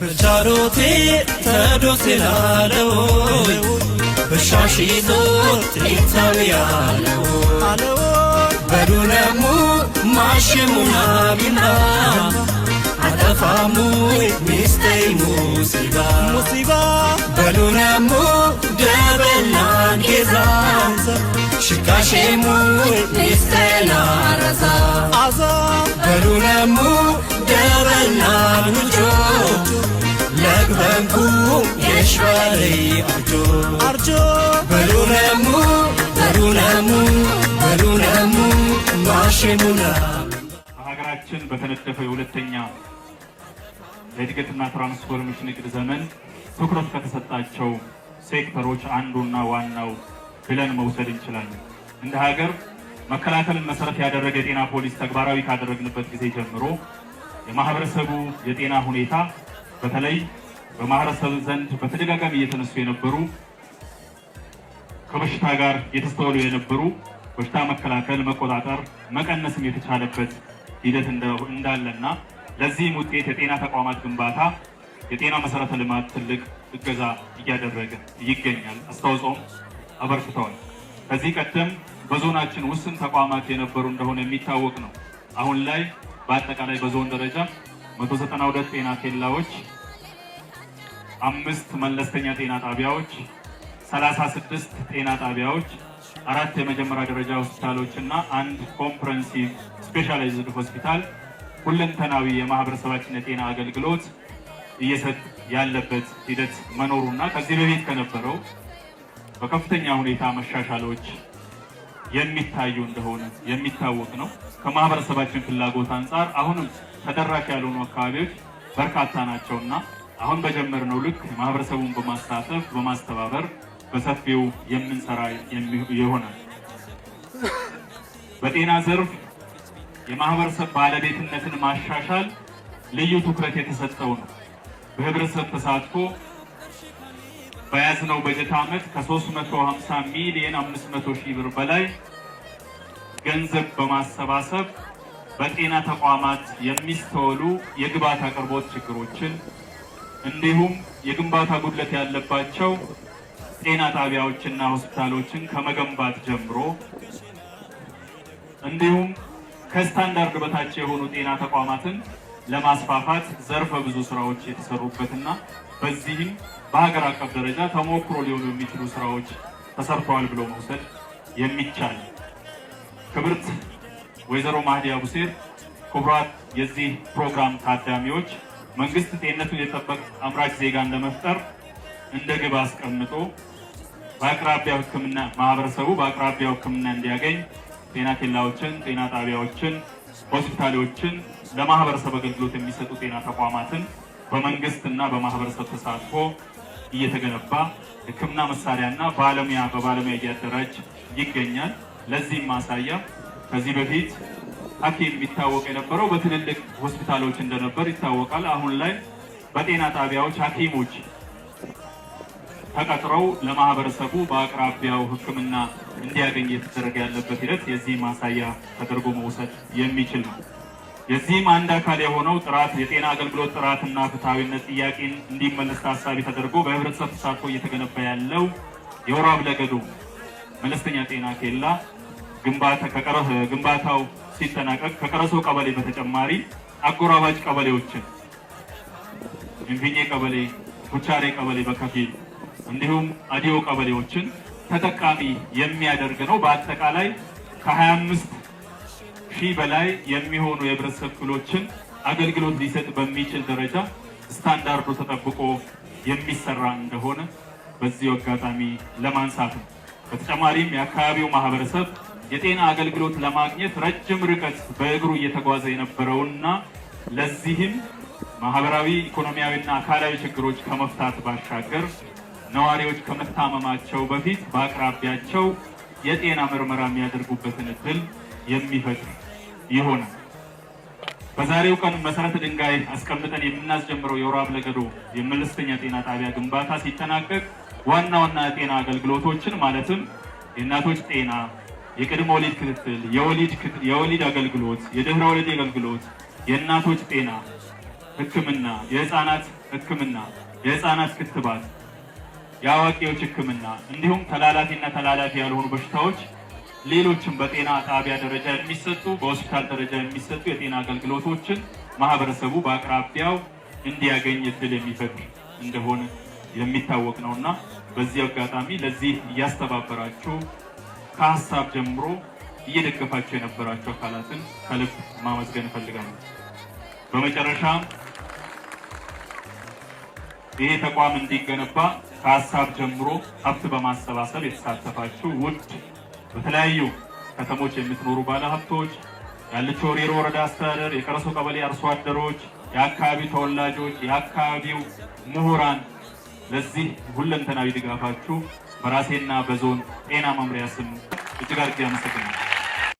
በጃሮቴ ተዶሴ ላለው በሻሽ ይዞ ጥንታዊ ያለው በዱለሙ ማሽሙናቢና አጠፋሙ ሚስተይ ሙሲባ ሙሲባ በሉነሙ ደበላን ጌዛ ሽካሼሙ ሚስተይ ናረዛ አዛ በሉነሙ دبنا نرجو لك بنكو يشوالي أرجو أرجو بلونا مو ማሽኑና ሀገራችን በተነደፈው የሁለተኛ ለእድገትና ትራንስፎርሜሽን እቅድ ዘመን ትኩረት ከተሰጣቸው ሴክተሮች አንዱና ዋናው ብለን መውሰድ እንችላለን። እንደ ሀገር መከላከልን መሰረት ያደረገ የጤና ፖሊስ ተግባራዊ ካደረግንበት ጊዜ ጀምሮ የማህበረሰቡ የጤና ሁኔታ በተለይ በማህበረሰብ ዘንድ በተደጋጋሚ እየተነሱ የነበሩ ከበሽታ ጋር የተስተዋሉ የነበሩ በሽታ መከላከል፣ መቆጣጠር፣ መቀነስም የተቻለበት ሂደት እንዳለና ለዚህም ውጤት የጤና ተቋማት ግንባታ የጤና መሰረተ ልማት ትልቅ እገዛ እያደረገ ይገኛል። አስተዋጽኦም አበርክተዋል። ከዚህ ቀደም በዞናችን ውስን ተቋማት የነበሩ እንደሆነ የሚታወቅ ነው። አሁን ላይ በአጠቃላይ በዞን ደረጃ 192 ጤና ኬላዎች፣ አምስት መለስተኛ ጤና ጣቢያዎች፣ 36 ጤና ጣቢያዎች፣ አራት የመጀመሪያ ደረጃ ሆስፒታሎች እና አንድ ኮምፕረንሲቭ ስፔሻላይዝድ ሆስፒታል ሁለንተናዊ የማህበረሰባችን የጤና አገልግሎት እየሰጥ ያለበት ሂደት መኖሩና ከዚህ በፊት ከነበረው በከፍተኛ ሁኔታ መሻሻሎች የሚታዩ እንደሆነ የሚታወቅ ነው። ከማህበረሰባችን ፍላጎት አንጻር አሁንም ተደራሽ ያልሆኑ አካባቢዎች በርካታ ናቸውና አሁን በጀመርነው ልክ ማህበረሰቡን በማሳተፍ በማስተባበር በሰፊው የምንሰራ ይሆናል። በጤና ዘርፍ የማህበረሰብ ባለቤትነትን ማሻሻል ልዩ ትኩረት የተሰጠው ነው። በህብረተሰብ ተሳትፎ በያዝነው በጀት ዓመት ከ350 ሚሊዮን 500 ሺህ ብር በላይ ገንዘብ በማሰባሰብ በጤና ተቋማት የሚስተወሉ የግብዓት አቅርቦት ችግሮችን እንዲሁም የግንባታ ጉድለት ያለባቸው ጤና ጣቢያዎችና ሆስፒታሎችን ከመገንባት ጀምሮ እንዲሁም ከስታንዳርድ በታች የሆኑ ጤና ተቋማትን ለማስፋፋት ዘርፈ ብዙ ስራዎች የተሰሩበትና በዚህም በሀገር አቀፍ ደረጃ ተሞክሮ ሊሆኑ የሚችሉ ስራዎች ተሰርተዋል ብሎ መውሰድ የሚቻል። ክብርት ወይዘሮ ማህዲያ ቡሴር፣ ክቡራት የዚህ ፕሮግራም ታዳሚዎች መንግስት ጤንነቱን የጠበቀ አምራች ዜጋን ለመፍጠር እንደ ግብ አስቀምጦ በአቅራቢያው ሕክምና ማህበረሰቡ በአቅራቢያው ሕክምና እንዲያገኝ ጤና ኬላዎችን፣ ጤና ጣቢያዎችን፣ ሆስፒታሎችን፣ ለማህበረሰብ አገልግሎት የሚሰጡ ጤና ተቋማትን በመንግስትና በማህበረሰብ ተሳትፎ እየተገነባ ህክምና መሳሪያና ባለሙያ በባለሙያ እያደራጅ ይገኛል። ለዚህም ማሳያ ከዚህ በፊት ሐኪም የሚታወቅ የነበረው በትልልቅ ሆስፒታሎች እንደነበር ይታወቃል። አሁን ላይ በጤና ጣቢያዎች ሐኪሞች ተቀጥረው ለማህበረሰቡ በአቅራቢያው ህክምና እንዲያገኝ እየተደረገ ያለበት ሂደት የዚህ ማሳያ ተደርጎ መውሰድ የሚችል ነው። የዚህም አንድ አካል የሆነው ጥራት የጤና አገልግሎት ጥራትና ፍትሐዊነት ጥያቄን እንዲመለስ ታሳቢ ተደርጎ በህብረተሰብ ተሳትፎ እየተገነባ ያለው የወራብ ለገዶ መለስተኛ ጤና ኬላ ግንባታው ሲጠናቀቅ ከቀረሶ ቀበሌ በተጨማሪ አጎራባጭ ቀበሌዎችን እንፊኜ ቀበሌ፣ ቡቻሬ ቀበሌ በከፊል እንዲሁም አዲዮ ቀበሌዎችን ተጠቃሚ የሚያደርግ ነው። በአጠቃላይ ከ25 ሺህ በላይ የሚሆኑ የህብረተሰብ ክፍሎችን አገልግሎት ሊሰጥ በሚችል ደረጃ ስታንዳርዱ ተጠብቆ የሚሰራ እንደሆነ በዚህ አጋጣሚ ለማንሳት ነው። በተጨማሪም የአካባቢው ማህበረሰብ የጤና አገልግሎት ለማግኘት ረጅም ርቀት በእግሩ እየተጓዘ የነበረውና ለዚህም ማህበራዊ ኢኮኖሚያዊና አካላዊ ችግሮች ከመፍታት ባሻገር ነዋሪዎች ከመታመማቸው በፊት በአቅራቢያቸው የጤና ምርመራ የሚያደርጉበትን እድል የሚፈጥር ይሁን። በዛሬው ቀን መሰረተ ድንጋይ አስቀምጠን የምናስጀምረው የወር ለገዶ የመለስተኛ ጤና ጣቢያ ግንባታ ሲጠናቀቅ ዋና ዋና የጤና አገልግሎቶችን ማለትም የእናቶች ጤና፣ የቅድመ ወሊድ ክትትል፣ የወሊድ አገልግሎት፣ የድህረ ወሊድ አገልግሎት፣ የእናቶች ጤና ሕክምና፣ የህፃናት ሕክምና፣ የህፃናት ክትባት፣ የአዋቂዎች ሕክምና እንዲሁም ተላላፊና ተላላፊ ያልሆኑ በሽታዎች ሌሎችም በጤና ጣቢያ ደረጃ የሚሰጡ በሆስፒታል ደረጃ የሚሰጡ የጤና አገልግሎቶችን ማህበረሰቡ በአቅራቢያው እንዲያገኝ እድል የሚፈጥር እንደሆነ የሚታወቅ ነው እና በዚህ አጋጣሚ ለዚህ እያስተባበራችሁ ከሀሳብ ጀምሮ እየደገፋቸው የነበራቸው አካላትን ከልብ ማመስገን እፈልጋለሁ። በመጨረሻም ይሄ ተቋም እንዲገነባ ከሀሳብ ጀምሮ ሀብት በማሰባሰብ የተሳተፋችሁ ውድ በተለያዩ ከተሞች የምትኖሩ ባለሀብቶች፣ ያለችው ወሬሮ ወረዳ አስተዳደር፣ የቀረሶ ቀበሌ አርሶ አደሮች፣ የአካባቢው ተወላጆች፣ የአካባቢው ምሁራን ለዚህ ሁለንተናዊ ድጋፋችሁ በራሴና በዞን ጤና መምሪያ ስም እጅግ አድርጌ አመሰግናለሁ።